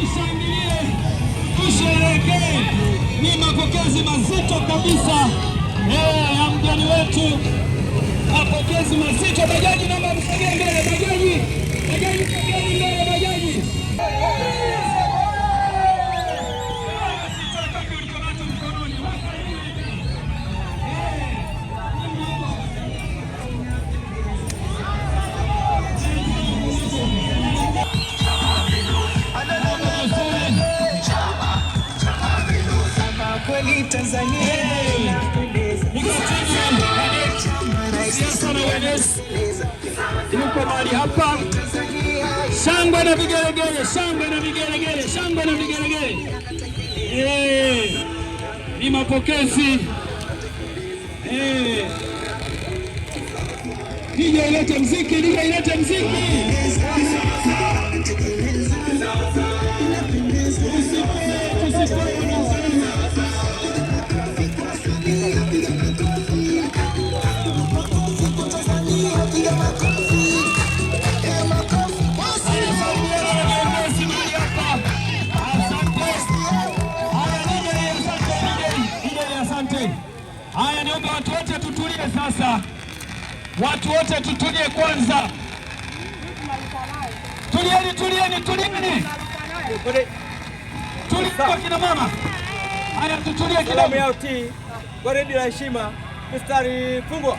tushangilie, tusherekee. Ni mapokezi mazito kabisa eh, ya mgeni wetu, mapokezi mazito. Bajaji naomba msogee mbele. yuko mahali hapa. Shangwe na vigelegele, shangwe na vigelegele, shangwe na vigelegele. Eh, ni mapokezi eh. nije ilete mziki, nije ilete mziki watu wote tutulie kwanza. Tulieni, tulieni, tulieni, tulia kina mama. Haya, tutulie kidogo. Kwa redio la heshima, mstari fungwa.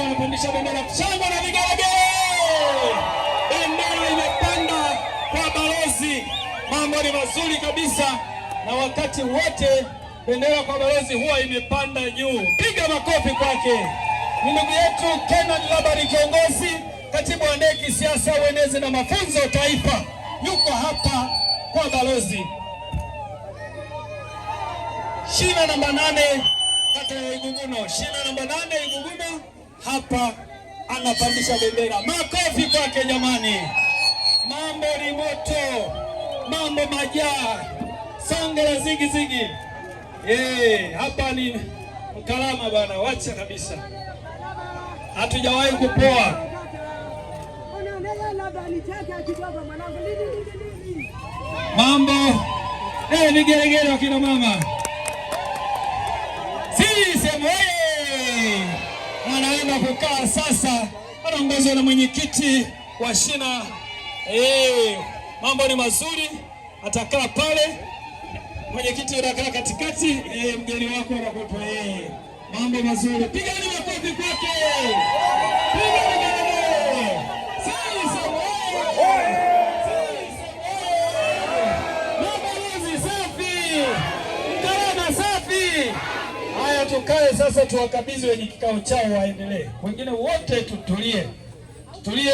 wakiwa wanapandisha bendera shangwe na vigelegele. Bendera imepanda kwa balozi, mambo ni mazuri kabisa, na wakati wote bendera kwa balozi huwa imepanda juu. Piga makofi kwake. Ni ndugu yetu Kenan Labari, kiongozi katibu wa ndee kisiasa, uenezi na mafunzo taifa, yuko hapa kwa balozi. Shina namba nane kata ya Iguguno, shina namba nane Iguguno hapa anapandisha bendera. Makofi kwake jamani! Mambo ni moto, mambo majaa, zigi zigi. Hey, eh, hapa ni Mkalama bana, wacha kabisa, hatujawahi kupoa. Mambo hey, eh, ni geregere wakina mama kukaa sasa, anaongozwa na mwenyekiti wa shina. eh, mambo ni mazuri, atakaa pale, mwenyekiti anakaa katikati. eh, mgeni wako anakupa eh, mambo mazuri. Pigani makofi kwake. tukae sasa, tuwakabidhi wenye kikao chao waendelee, wengine wote tutulie, tutulie.